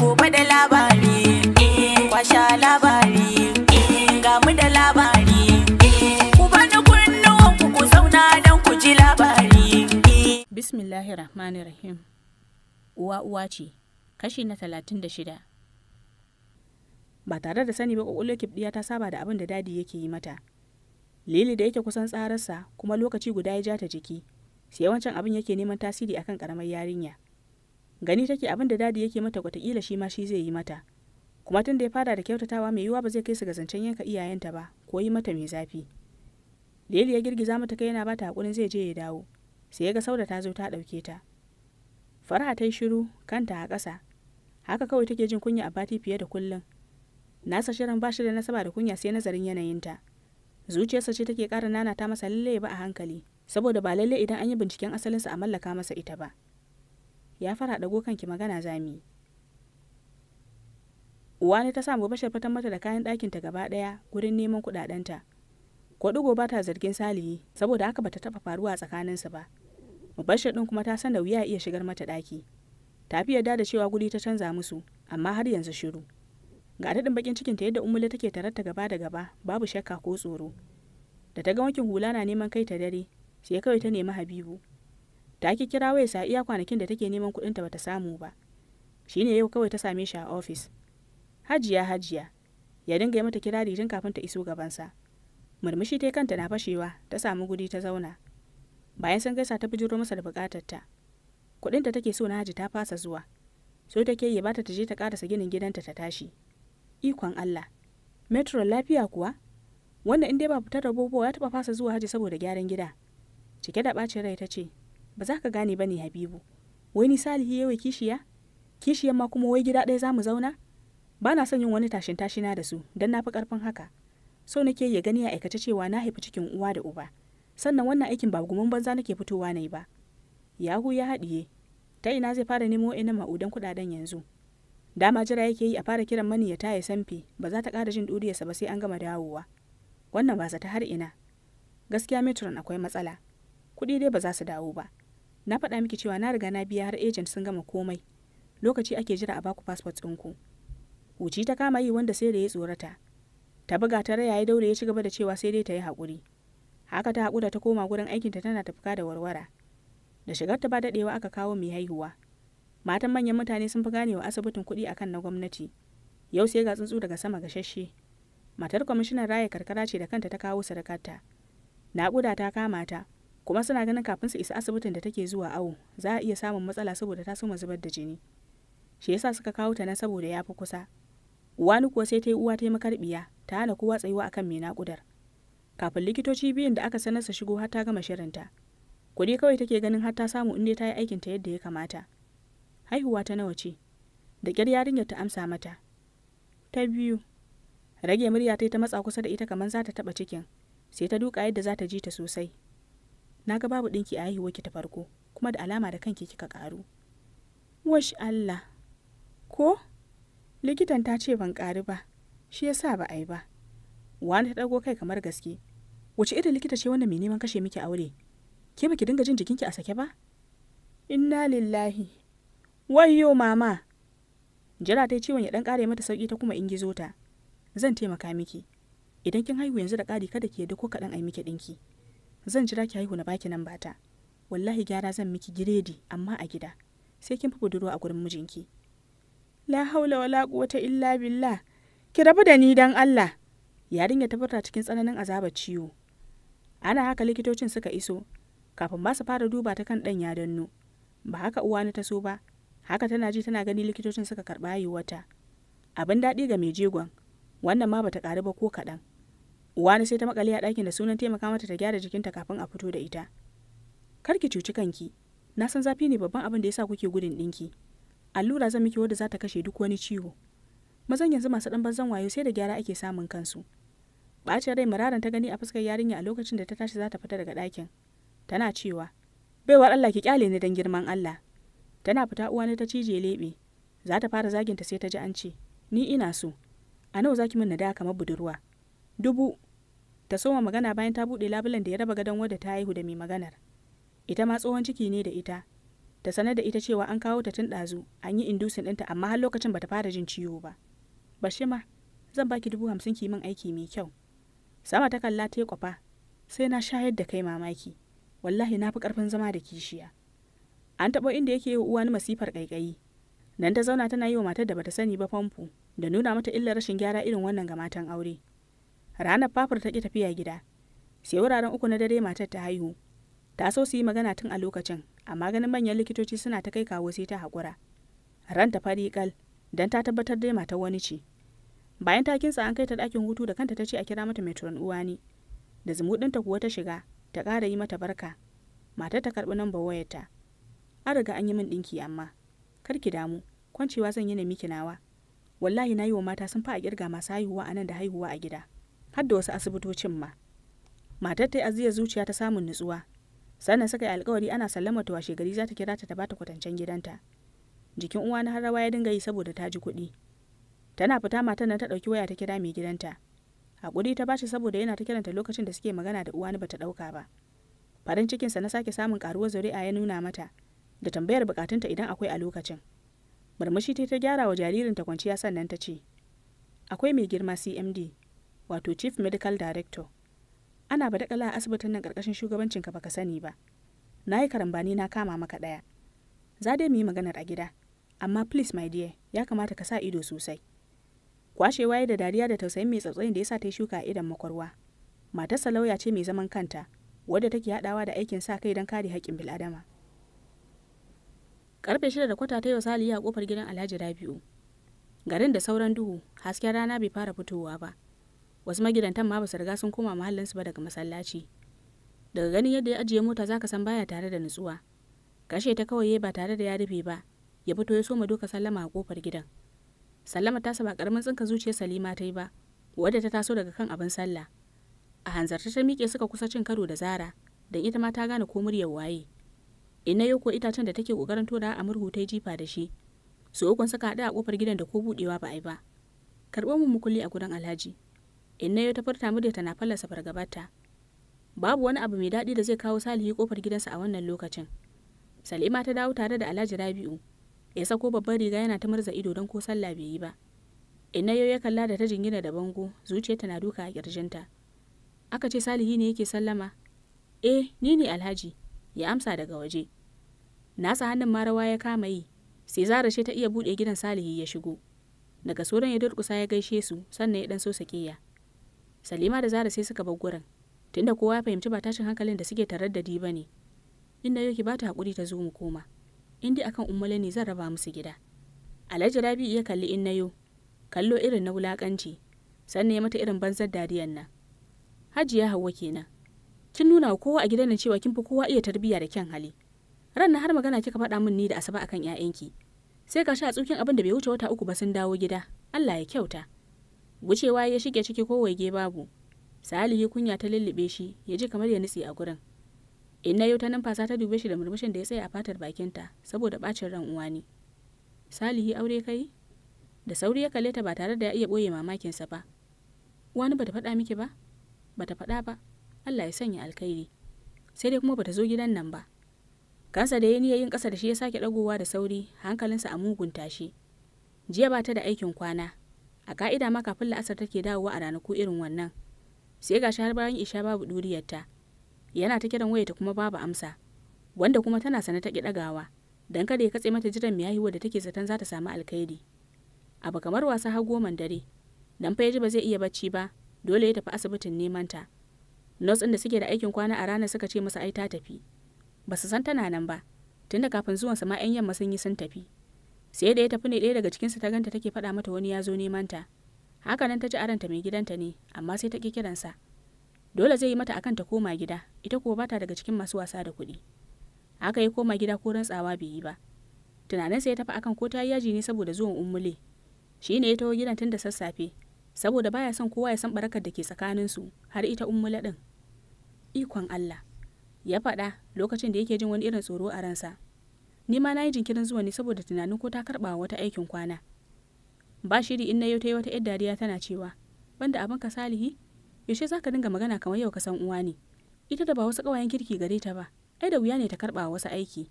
gobe da labari eh, kwasha labari eh, ga mu da labari eh, ku bani kunnuwan ku ku zauna don ku ji labari bismillahir rahmanir rahim uwa uwa ce kashi na talatin da shida ba tare da sani ba kwakwalwar kibdiya ta saba da abin da dadi yake yi mata lili da yake kusan tsararsa kuma lokaci guda ya ja ta jiki sai yawancin abin yake neman tasiri akan karamar yarinya gani take abin da dadi yake mata kwatakila shi ma shi zai yi mata kuma tun da ya fara da kyautatawa mai yiwuwa ba zai kai su ga zancen yanka iyayenta ba ko yi mata mai zafi Leli ya girgiza mata kai yana bata hakurin zai je ya dawo sai ya ga sauda ta zo ta dauke ta fara ta yi shiru kanta a ƙasa haka kawai take jin kunya a bati fiye da kullum nasa shirin ba da nasaba da kunya sai nazarin yanayinta zuciyarsa ce take ƙara nana ta masa lalle ba a hankali saboda ba lalle idan an yi binciken asalinsa a mallaka masa ita ba ya fara ɗago kanki magana zami uwani ta samu bashar fatan mata da kayan ɗakinta gaba ɗaya gurin neman kuɗaɗenta kwaɗugo ba ta zargin salihi saboda haka bata taɓa faruwa tsakaninsu ba bashar ɗin kuma ta san da wuya iya shigar mata ɗaki ta fi yarda da cewa guri ta canza musu amma har yanzu shiru ga daɗin bakin ta yadda umule take tarar ta gaba da gaba babu shakka ko tsoro da ta ga wankin hula na neman kai ta dare sai kawai ta nemi habibu ta ake kira sa iya kwanakin da take neman kuɗinta bata samu ba Shi ne yau kawai ta same shi a ofis hajiya hajiya ya dinga yi mata kirari tun kafin ta iso gabansa murmushi ta kanta na fashewa ta samu gudi ta zauna bayan sun gaisa ta bijiro masa da bukatarta kuɗinta take so na haji ta fasa zuwa so take yi bata ta je ta karasa ginin gidanta ta tashi ikon Allah metro lafiya kuwa Wannan in dai ba fitar da bobo ya taɓa fasa zuwa haji saboda gyaran gida cike da ɓacin rai ta ce ba za ka gane ba ne habibu wai ni salihi yawai kishiya kishiyan ma kuma wai gida ɗaya za mu zauna ba na son yin wani tashin na da su don na fi ƙarfin haka so nake ya gani ya aikace cewa na haifi cikin uwa da uba sannan wannan aikin ba gumin banza nake fitowa na yi ba yahu ya haɗiye ta ina zai fara nemo ina ma'udan kuɗaɗen yanzu dama jira yake yi a fara kiran mani ya taya sanfe ba za ta ƙara jin ɗuriyarsa ba sai an gama dawowa wannan ba ta har ina gaskiya metron akwai matsala kuɗi dai ba za su dawo ba na faɗa miki cewa na riga na biya har agent sun gama komai lokaci ake jira a baku passport ɗinku wuci ta kama yi wanda sai da ya tsorata ta buga ta raya ya daure ya ci gaba da cewa sai dai ta yi haƙuri haka ta haƙura ta koma gurin aikinta tana tafka da warwara da shigar ta ba daɗewa aka kawo mai haihuwa matan manyan mutane sun fi ganewa asibitin kuɗi akan na gwamnati yau sai ga tsuntsu daga sama gasasshe matar kwamishinan raya karkara ce da kanta ta kawo sadakarta naƙuda ta kama ta kuma suna ganin kafin su isa asibitin da take zuwa awo za a iya samun matsala saboda ta soma zubar da jini shi yasa suka kawo ta nan saboda ya fi kusa wani kuwa sai ta yi uwa ta yi makarbiya ta hana kowa tsayuwa akan mai naƙudar kafin likitoci biyun da aka sanar su shigo har ta gama shirinta kuɗi kawai take ganin har ta samu inda ta yi aikin ta yadda ya kamata haihuwa ta nawa ce da kyar yarinyar ta amsa mata ta biyu rage murya ta yi ta matsa kusa da ita kamar za ta taɓa cikin sai ta duka yadda za ta ji ta sosai na ga babu ɗinki a haihuwarki ta farko kuma da alama da kanki kika ƙaru wash allah ko likitan ta ce ban ƙaru ba shi ya sa ba a yi ba wani ta ɗago kai kamar gaske wace irin likita ce wanda mai neman kashe miki aure ke baki dinga jin jikinki a sake ba inna lillahi wayyo mama jira ta ciwon ya ɗan kare mata sauki ta kuma in gizo ta zan taimaka miki idan kin haihu yanzu da kari kada ki yadda ko kaɗan ai miki ɗinki zan jira ki haihu na baki nan bata wallahi gyara zan miki giredi amma a gida sai kin fi budurwa a gurin mijinki la haula wala quwwata illa billah ki rabu da ni dan Allah yarinya ta furta cikin tsananin azabar ciwo ana haka likitocin suka iso kafin ba su fara duba ta kan dan ya danno ba haka Uwa uwani ta so ba haka tana ji tana gani likitocin suka karɓa wata abin daɗi ga mai jegon wannan ma bata ƙaru ba ko kaɗan Wani sai ta makale a ɗakin da sunan taimaka mata ta gyara jikinta kafin a fito da ita. Kar ki cuci kanki, na san zafi ne babban abin da ya sa kuke gudun ɗinki. Allura zan miki wadda za ta kashe duk wani ciwo. Mazan yanzu masu ɗan bazan wayo sai da gyara ake samun kansu. Bacin rai mararan ta gani a fuskar yarinya a lokacin da ta tashi za ta fita daga ɗakin. Tana cewa, baiwa Allah ki kyale ni don girman Allah. Tana fita uwa uwani ta cije leɓe. Za ta fara zaginta sai ta ji an ce, ni ina so. A nawa za ki min na da kamar budurwa. Dubu ta soma magana bayan ta buɗe labulen da ya raba gadon wadda ta haihu da mai maganar ita ma tsohon ciki ne da ita ta sanar da ita cewa an kawo ta tun ɗazu an yi indusin ɗinta amma har lokacin bata fara jin ciwo ba bashi ma zan baki dubu hamsin ki min aiki mai kyau sama ta kalla ta kwafa sai na shayar da kai mamaki wallahi na fi ƙarfin zama da kishiya an taɓo inda yake yi uwa ni masifar ƙaiƙayi nan ta zauna tana yi wa matar da bata sani ba famfo da nuna mata illar rashin gyara irin wannan ga matan aure ranar fafur ta ƙi tafiya gida sai wuraren uku na dare matar ta haihu ta so su yi magana tun a lokacin amma ganin manyan likitoci suna ta kai kawo sai ta haƙura ran ta fari kal don ta tabbatar dai matar wani ce bayan ta kinsa an kai ta ɗakin hutu da kanta ta ce a kira mata mai turan uwa ne da zumuɗinta kuwa ta shiga ta ƙara yi mata barka matar ta karɓi namba wayarta an riga an yi min ɗinki amma kar ki damu kwancewa zan yi na miki nawa wallahi na yi wa mata sun fa a kirga masu haihuwa a nan da haihuwa a gida har da wasu asibitocin ma matar ta aziyar zuciya ta samun nutsuwa sannan suka yi alkawari ana sallama ta washe gari za ta kira ta ta bata kwatancen gidanta jikin uwa na harawa ya dinga yi saboda ta ji kuɗi tana fita matar nan ta ɗauki waya ta kira mai gidanta Haƙuri ta bashi saboda yana ta kiranta lokacin da suke magana da uwani bata ɗauka ba farin cikinsa na sake samun karuwar zuri'a ya nuna mata da tambayar buƙatunta idan akwai a lokacin murmushi ta gyara wa jaririnta kwanciya sannan ta ce akwai mai girma cmd wato chief medical director ana ba badakala a asibitin nan karkashin shugabancin ka baka sani ba na yi karambani na kama maka ɗaya. za dai mu yi maganar a gida amma please my dear ya kamata ka sa ido sosai kwashewa da dariya da tausayin mai tsatsayin da ya sa ta shuka a idan makwarwa matarsa lauya ce mai zaman kanta wadda take haɗawa da aikin sa kai don kare haƙƙin bil'adama karfe shida da kwata ta yau saliya a kofar gidan alhaji rabi'u garin da sauran duhu hasken rana bai fara fitowa ba wasu magidantan ma basu riga sun koma mahallinsu ba daga masallaci daga ganin yadda ya ajiye mota zaka san baya tare da nutsuwa kashe ta kawai ba tare da ya rufe ba ya fito ya soma duka sallama a kofar gidan sallama ta saba karamin tsinka zuciyar salima ta yi ba wadda ta taso daga kan abin sallah a hanzarta ta miƙe suka kusa cin karo da zara don ita ma ta gane ko muryar waye ina yau ko itacen da take kokarin tura a murhu ta jifa da shi su ukun suka haɗu a kofar gidan da ko buɗewa ba a yi ba karɓo mu mukulli a gurin alhaji Inna ta furta murya tana fallasa fargabarta. Babu wani abu mai daɗi da zai kawo Salihu kofar gidansa a wannan lokacin. Salima ta dawo tare da Alhaji Rabi'u. Ya sako babban riga yana ta murza ido don ko sallah bai yi ba. Inna yau ya kalla da ta jingina da bango, zuciyarta na duka a kirjinta. Aka ce Salihu ne yake sallama. Eh, ni ne Alhaji, ya amsa daga waje. Nasa hannun marawa ya kama yi, sai zara ce ta iya buɗe gidan Salihu ya shigo. Daga soron ya durkusa ya gaishe su, sannan ya ɗan so sakiya. salima da zara sai suka bar gurin tunda kowa ya fahimci ba tashin hankalin da suke tarar da di ba ne inda yau ki ba ta haƙuri ta zo mu koma in dai akan ummala ne zan raba musu gida alhaji rabi ya kalli in na kallo irin na wulaƙanci sannan ya mata irin banzar dariyan nan hajiya hawa kenan kin nuna wa kowa a gidan nan cewa kin fi kowa iya tarbiyya da kyan hali ran na har magana kika faɗa min ni da asaba akan 'ya'yanki sai ka sha tsukin abin da bai wuce wata uku ba sun dawo gida Allah ya kyauta wucewa ya shige ciki ko waige babu salihi kunya ta lullube shi ya ji kamar ya nutse a gurin inna yau ta numfasa ta dube shi da murmushin da ya tsaya a fatar bakinta saboda bacin ran uwa ne salihi aure kai da sauri ya kalle ta ba tare da ya iya boye mamakinsa ba wani bata faɗa miki ba bata faɗa ba Allah ya sanya alkhairi sai dai kuma bata zo gidan nan ba kansa da yayi yayin kasa da shi ya sake dagowa da sauri hankalinsa a mugun tashi jiya ba ta da aikin kwana a ka'ida ma kafin la'asar take dawowa a ranaku irin wannan sai gashi har bayan isha babu duriyarta yana ta kiran wayarta kuma babu amsa wanda kuma tana sane ta ki dagawa dan kada ya katse mata jiran miyahi da take zaton za ta samu alkhairi abu kamar wasa har goman dare dan fa yaji ba zai iya bacci ba dole ya tafi asibitin neman ta nurse din da suke da aikin kwana a ranar suka ce masa ai ta tafi ba su san tana nan ba tunda kafin zuwansa ma 'yan yamma sun yi sun tafi sai da ya tafi ne ɗaya daga cikinsa ta ganta take faɗa mata wani ya zo neman ta haka nan ta ji aranta mai gidanta ne amma sai ta ƙi kiransa dole zai yi mata akan ta koma gida ita kuwa bata daga cikin masu wasa da kuɗi haka ya koma gida ko rantsawa bai yi ba tunaninsa ya tafi akan ko ta yi yaji ne saboda zuwan umule shi ne ya taho gidan tun da sassafe saboda baya son kowa ya san barakar da ke tsakaninsu har ita umule ɗin ikon allah ya faɗa lokacin da yake jin wani irin tsoro a ransa ni ma na yi jinkirin zuwa ne saboda tunanin ko ta karɓa wata aikin kwana ba shiri in na yau ta yi wata 'yar dariya tana cewa banda abin ka salihi yaushe za ka dinga magana kamar yau ka san uwa ne ita da ba wasu ƙawayen kirki gare ta ba ai da wuya ne ta karɓa wasu aiki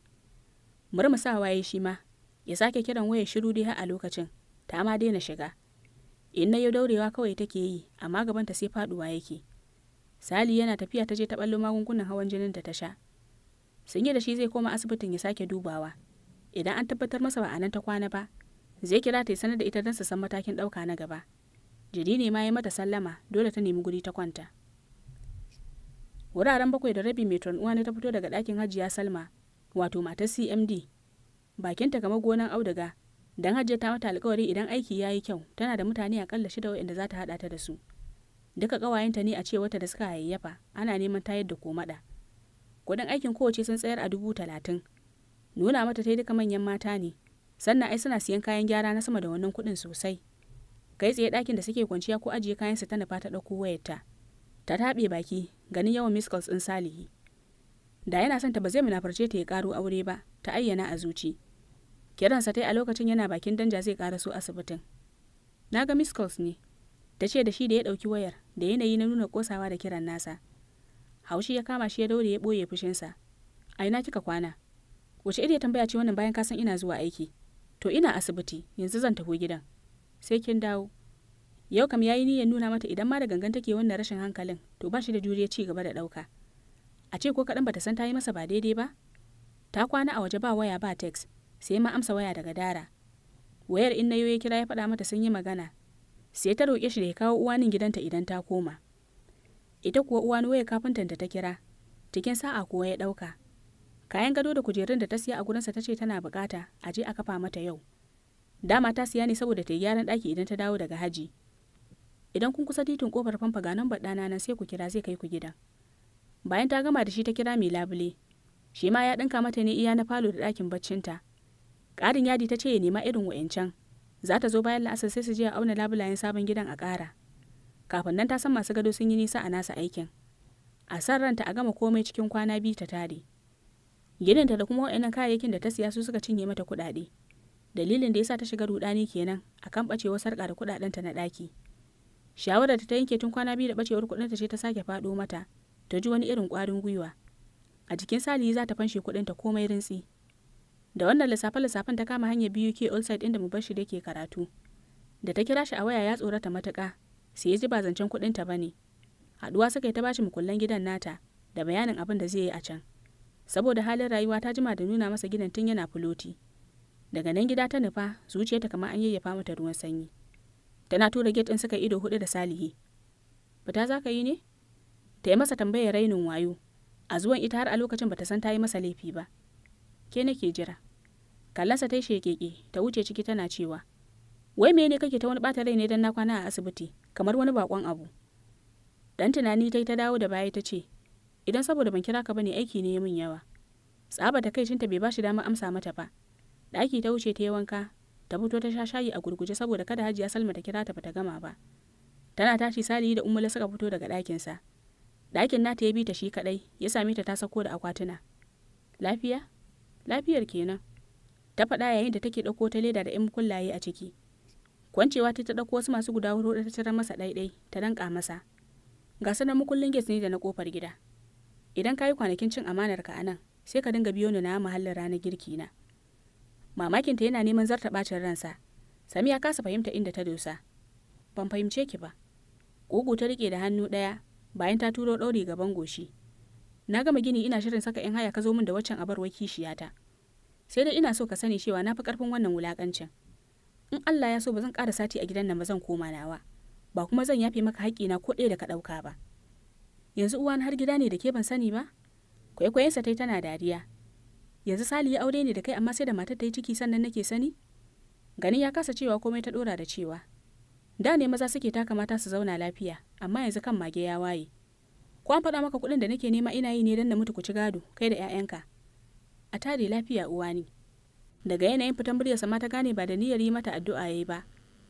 bari mu sa waye shi ma ya sake kiran waya shiru dai har a lokacin ta ma daina shiga in na yau daurewa kawai take yi amma gabanta sai faduwa yake sali yana tafiya ta je ta ballo magungunan hawan jinin da ta sha sanye da shi zai koma asibitin ya sake dubawa idan an tabbatar masa ba a nan ta kwana ba zai kira ta sanar da ita don su san matakin ɗauka na gaba jiri ne ma ya mata sallama dole ta nemi guri ta kwanta wuraren bakwai da rabi mai uwa ne ta fito daga ɗakin hajiya salma wato matar cmd bakinta gama gonan auduga don hajiya ta mata alkawari idan aiki ya yi kyau tana da mutane akalla shida waɗanda za ta haɗa ta da su duka ƙawayenta ne a ce wata da suka hayayyafa ana neman tayar da komaɗa Kudin aikin kowace sun tsayar a dubu talatin nuna mata ta duka manyan mata ne sannan ai suna siyan kayan gyara na sama da wannan kuɗin sosai kai tsaye ɗakin da suke kwanciya ko ajiye kayansu ta nufa ta ɗauko wayarta ta taɓe baki ganin yawan miskals in ɗin salihi da yana son ta ba zai munafarce ta ya ƙaro aure ba ta ayyana a zuci kiransa ta yi a lokacin yana bakin danja zai ƙara so asibitin na ga miskals ne ta ce da shi da ya ɗauki wayar da yanayi na nuna kosawa da kiran nasa haushi ya kama shi ya daure ya ɓoye fushinsa a ina kika kwana wace iri ya tambaya ce wannan bayan ka san ina zuwa aiki to ina asibiti yanzu zan tafi gidan sai kin dawo yau kam yayi niyyar nuna mata idan ma da gangan take wannan rashin hankalin to ba shi da juriya ci gaba da ɗauka a ce ko kaɗan bata san ta yi masa ba daidai ba ta kwana a waje ba waya ba text sai ma amsa waya daga dara wayar in nayo ya kira ya faɗa mata sun yi magana sai ta roƙe shi da ya kawo uwanin gidanta idan ta koma ita kuwa uwa waya kafintan da ta kira cikin sa'a kuwa ya ɗauka kayan gado da kujerun da ta siya a gurinsa ta ce tana bukata a je a kafa mata yau dama ta siya ne saboda ta yi gyaran ɗaki idan ta dawo daga haji idan kun kusa titin kofar famfa ga nan ɗana nan sai ku kira zai kai ku gida bayan ta gama da shi ta kira mai labule shi ma ya ɗinka mata ne iya na falo da ɗakin baccinta ƙarin yadi ta ce ya nema irin wa'yancan za ta zo bayan la'asar sai su je a auna labulayen sabon gidan a ƙara kafin nan ta san masu gado sun yi nisa a nasa aikin a san ranta a gama komai cikin kwana biyu ta tare gidanta da kuma waɗannan kayayyakin da ta siya su suka cinye mata kuɗaɗe dalilin da ya sa ta shiga rudani kenan akan ɓacewar sarƙa da kuɗaɗenta na ɗaki shawarar ta ta yanke tun kwana biyu da ɓacewar kuɗinta ce ta sake faɗo mata ta ji wani irin ƙwarin gwiwa a jikin salihi za ta fanshe ta komai rintsi da wannan lissafe-lissafen ta kama hanyar biyu ke all side inda da ke karatu da ta kira shi a waya ya tsorata matuƙa sai ya ji ba zancen kuɗinta ba ne haɗuwa suka yi ta bashi mukullan gidan nata da bayanin abin da zai yi a can saboda halin rayuwa ta jima da nuna masa gidan tun yana fuloti daga nan gida ta nufa zuciyarta kamar an yayyafa mata ruwan sanyi tana tura gate din suka ido hudu da salihi fita za ka yi ne ta yi masa tambayar rainin wayo a zuwan ita har a lokacin bata san ta yi masa laifi ba ke nake jira kallansa ta yi shekeke ta wuce ciki tana cewa wai me ne kake ta wani bata rai ne dan na kwana a asibiti kamar wani bakon abu dan tunani ta ta dawo da baya ta ce idan saboda ban kira ka bane aiki ne min yawa tsaba ta kai shinta bai bashi dama amsa mata ba ɗaki ta wuce ta yi wanka ta fito ta sha shayi a gurguje saboda kada hajiya salma ta kira ta bata gama ba tana tashi sali da umula suka fito daga dakin ɗakinsa ɗakin nata ya bi ta shi kaɗai ya same ta ta sako da akwatuna lafiya lafiyar kenan ta faɗa yayin da take ɗauko ta leda da 'yan kullaye a ciki kwancewa ta taɗauko wasu masu guda da ta tarar masa ɗaiɗai ta danƙa masa ga sanar mu kullun gas ne da na kofar gida idan ka yi kwanakin cin amanar ka anan sai ka dinga biyo ni na mahallin ranar girki na mamakin ta yana neman zarta bacin ransa sami ya kasa fahimta inda ta dosa ban fahimce ki ba ƙugu ta rike da hannu ɗaya bayan ta turo ɗauri gaban goshi na gama gini ina shirin saka in haya ka zo min da waccan abarwa kishiyata sai dai ina so ka sani cewa na fi karfin wannan wulakancin. in Allah ya so ba zan ƙara sati a gidan nan ba zan koma nawa ba kuma zan yafe maka haƙƙi na ko ɗaya da ka ɗauka ba yanzu uwa har gida ne da ke ban sani ba kwaikwayonsa ta yi tana dariya yanzu sali ya aure ne da kai amma sai da matar ta ciki sannan nake sani gani ya kasa cewa komai ta ɗora da cewa da ne maza suke taka mata su zauna lafiya amma yanzu kan mage ya waye ko an faɗa maka kuɗin da nake nema ina yi ne don na mutu ku ci gado kai da 'ya'yanka a tare lafiya uwa ne daga yanayin fitan muryarsa ma ta gane ba da niyyar yi mata addu'a yayi ba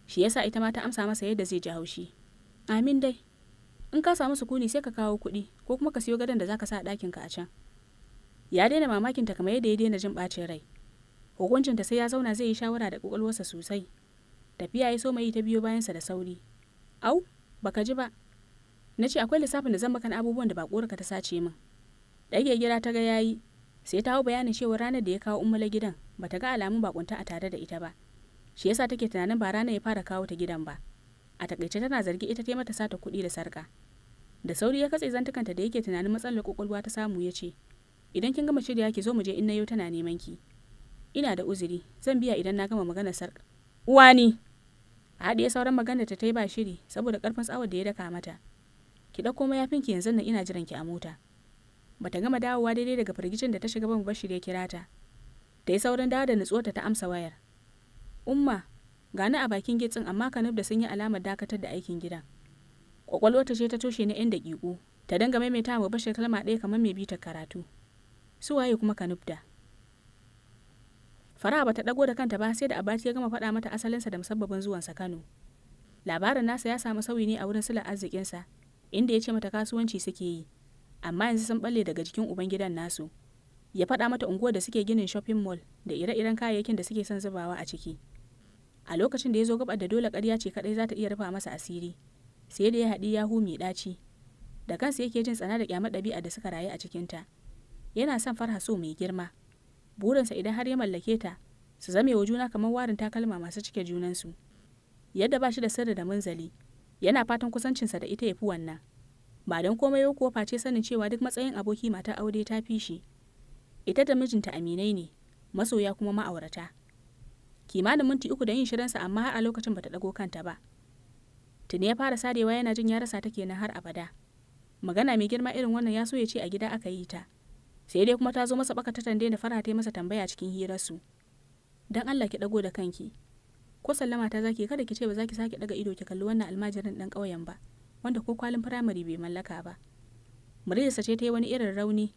shi yasa ita ma ta amsa masa yadda zai ji haushi amin dai in ka samu sukuni sai ka kawo kuɗi ko kuma ka siyo gadon da zaka sa a ɗakin ka a can ya daina mamakin ta kamar yadda ya daina jin ɓacin rai hukuncin ta sai ya zauna zai yi shawara da ƙwaƙwalwarsa sosai tafiya ya so mai ta biyo bayansa da sauri au baka ji ba na ce akwai lissafin da zan maka na abubuwan da ba ƙoraka ta sace min ɗage gira ta ga yayi sai ta hau bayanin cewa ranar da ya kawo umula gidan ba ta ga alamun bakunta a tare da ita ba shi yasa take tunanin ba ranar ya fara kawo ta gidan ba a takaice tana zargi ita ta mata sata kuɗi da sarka da sauri ya katse zantukanta da yake tunanin matsalar kokolwa ta samu ya ce idan kin gama shirya ki zo mu je in nayo tana neman ki ina da uzuri zan biya idan na gama maganar sarka uwani a haɗiye sauran magana ta ta yi ba shiri saboda ƙarfin tsawar da ya daka mata ki ɗauko mayafin ki yanzu nan ina jiran ki a mota bata gama dawowa daidai daga firgicin da ta shiga ban bashir ya kira ta ta yi saurin dawo da nutsuwarta ta amsa wayar umma gani a bakin gitsin amma kanif da sun yi alamar dakatar da aikin gidan ta ce ta toshe na yan daƙiƙu ta danga maimaita wa bashir kalma ɗaya kamar mai bitar karatu su waye kuma kanif da fara bata dago da kanta ba sai da abaci ya gama faɗa mata asalinsa da musabbabin zuwansa kano labarin nasa ya samu sauyi ne a wurin sula arzikinsa inda ya ce mata kasuwanci suke yi amma yanzu sun balle daga jikin ubangidan nasu ya faɗa mata unguwar da suke ginin shopping mall da ire-iren kayayyakin da suke son zubawa a ciki a lokacin da ya zo gabar da dole ƙarya ce kadai za ta iya rufa masa asiri sai da ya haɗi yahu mai ɗaci da kansa yake jin tsana da kyamar ɗabi'a da suka rayu a cikinta yana son farha so mai girma burinsa idan har ya mallake ta su zame wa juna kamar warin takalma masu cike junansu yadda ba shi da sirri da munzali yana fatan kusancinsa da ita ya fi wannan ba don komai ba kuwa face sanin cewa duk matsayin aboki mata aure ta fi shi ita da mijinta aminai ne masoya kuma ma'aurata kimanin minti uku da yin shirinsa amma har a lokacin bata dago kanta ba tuni ya fara sadewa yana jin ya rasa ta kenan har abada magana mai girma irin wannan ya so ya ce a gida aka yi ta sai dai kuma ta zo masa baka ta tande da fara ta masa tambaya cikin hirarsu dan Allah ki dago da kanki ko sallama ta zaki kada ki ce ba za sake daga ido ki kalli wannan almajirin dan ƙauyen ba wanda ko kwalin firamare bai mallaka ba muryarsa ce ta yi wani irin rauni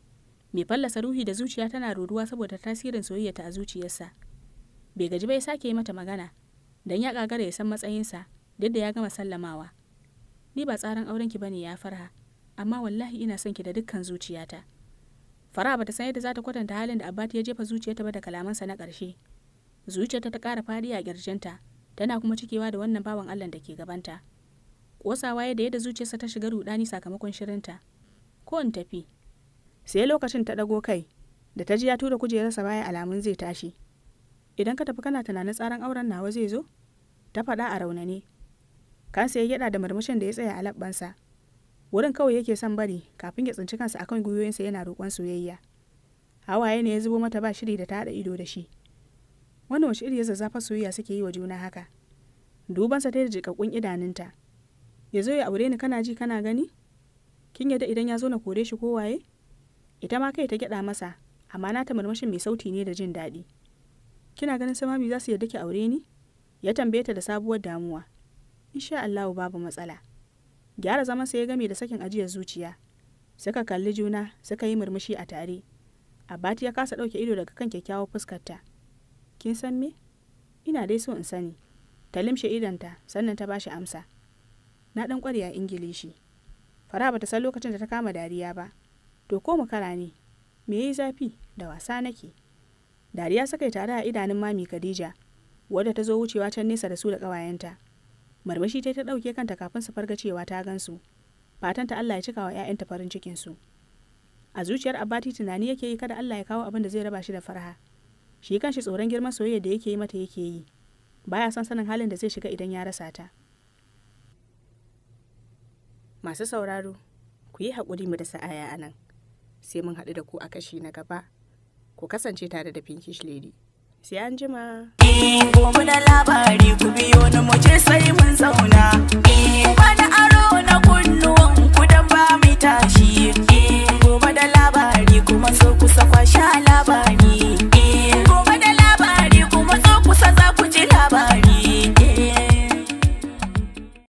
mai fallasa ruhi da zuciya tana ruruwa saboda tasirin soyayyata a zuciyarsa bai gaji bai sake yi mata magana dan ya kagara ya san matsayinsa duk da ya gama sallamawa ni ba tsarin aurenki bane ya farha amma wallahi ina son ki da dukkan zuciyata fara bata san yadda za ta kwatanta halin da abati ya jefa zuciyarta ba da kalamansa na ƙarshe zuciyarta ta ƙara fadi a ƙirjinta tana kuma cikewa da wannan bawan allah da ke gabanta kosawa ya da yadda zuciyarsa ta shiga rudani sakamakon shirinta ko in tafi sai lokacin ta dago kai da ta ji ya tura kujerarsa baya alamun zai tashi idan ka tafi kana tunanin tsarin auren nawa zai zo ta faɗa a raunane kansa ya gyada da murmushin da ya tsaya a labbansa wurin kawai yake son bari kafin ya tsinci kansa akan gwiwoyinsa yana roƙon soyayya hawaye ne ya zubo mata ba shiri da ta haɗa ido da shi wannan iri ya zazzafa soyayya suke yi wa juna haka dubansa ta da jikakkun idanunta ya zo ya aure ni kana ji kana gani kin yadda idan ya zo na kore shi ko waye ita ma kai ta gyada masa amma na ta murmushin mai sauti ne da jin daɗi kina ganin samami za su yarda ki aure ni ya tambaye ta da sabuwar damuwa insha Allahu babu matsala gyara zaman sa ya game da sakin ajiyar zuciya suka kalli juna suka yi murmushi a tare abati ya kasa ɗauke ido daga kan kyakkyawar fuskarta kin san me ina dai so in sani ta limshe idanta sannan ta bashi amsa na ɗan kwarya a ingilishi fara bata san lokacin da ta kama dariya ba to ko kara ne me yayi zafi da wasa nake dariya sakai ta tare a idanun mami kadija wadda ta zo wucewa can nesa da su da kawayenta. marmashi ta ta ɗauke kanta kafin su farga cewa ta gansu fatan ta Allah ya cika wa 'ya'yanta farin cikin su a zuciyar abati tunani yake yi kada Allah ya kawo abin da zai raba shi da farha shi kanshi tsoron girman soyayya da yake yi mata yake yi baya son sanin halin da zai shiga idan ya rasa ta masu sauraro ku yi haƙuri mu da sa'aya a nan sai mun haɗu da ku a kashi na gaba ku kasance tare da pinkish lady sai an jima gobe da labari ku biyo ni mu je sai mun zauna wani aro na kunnuwan ku dan ba mai tashi gobe da labari kuma so ku sakwa sha labari gobe da labari kuma so kusa za ku ji labari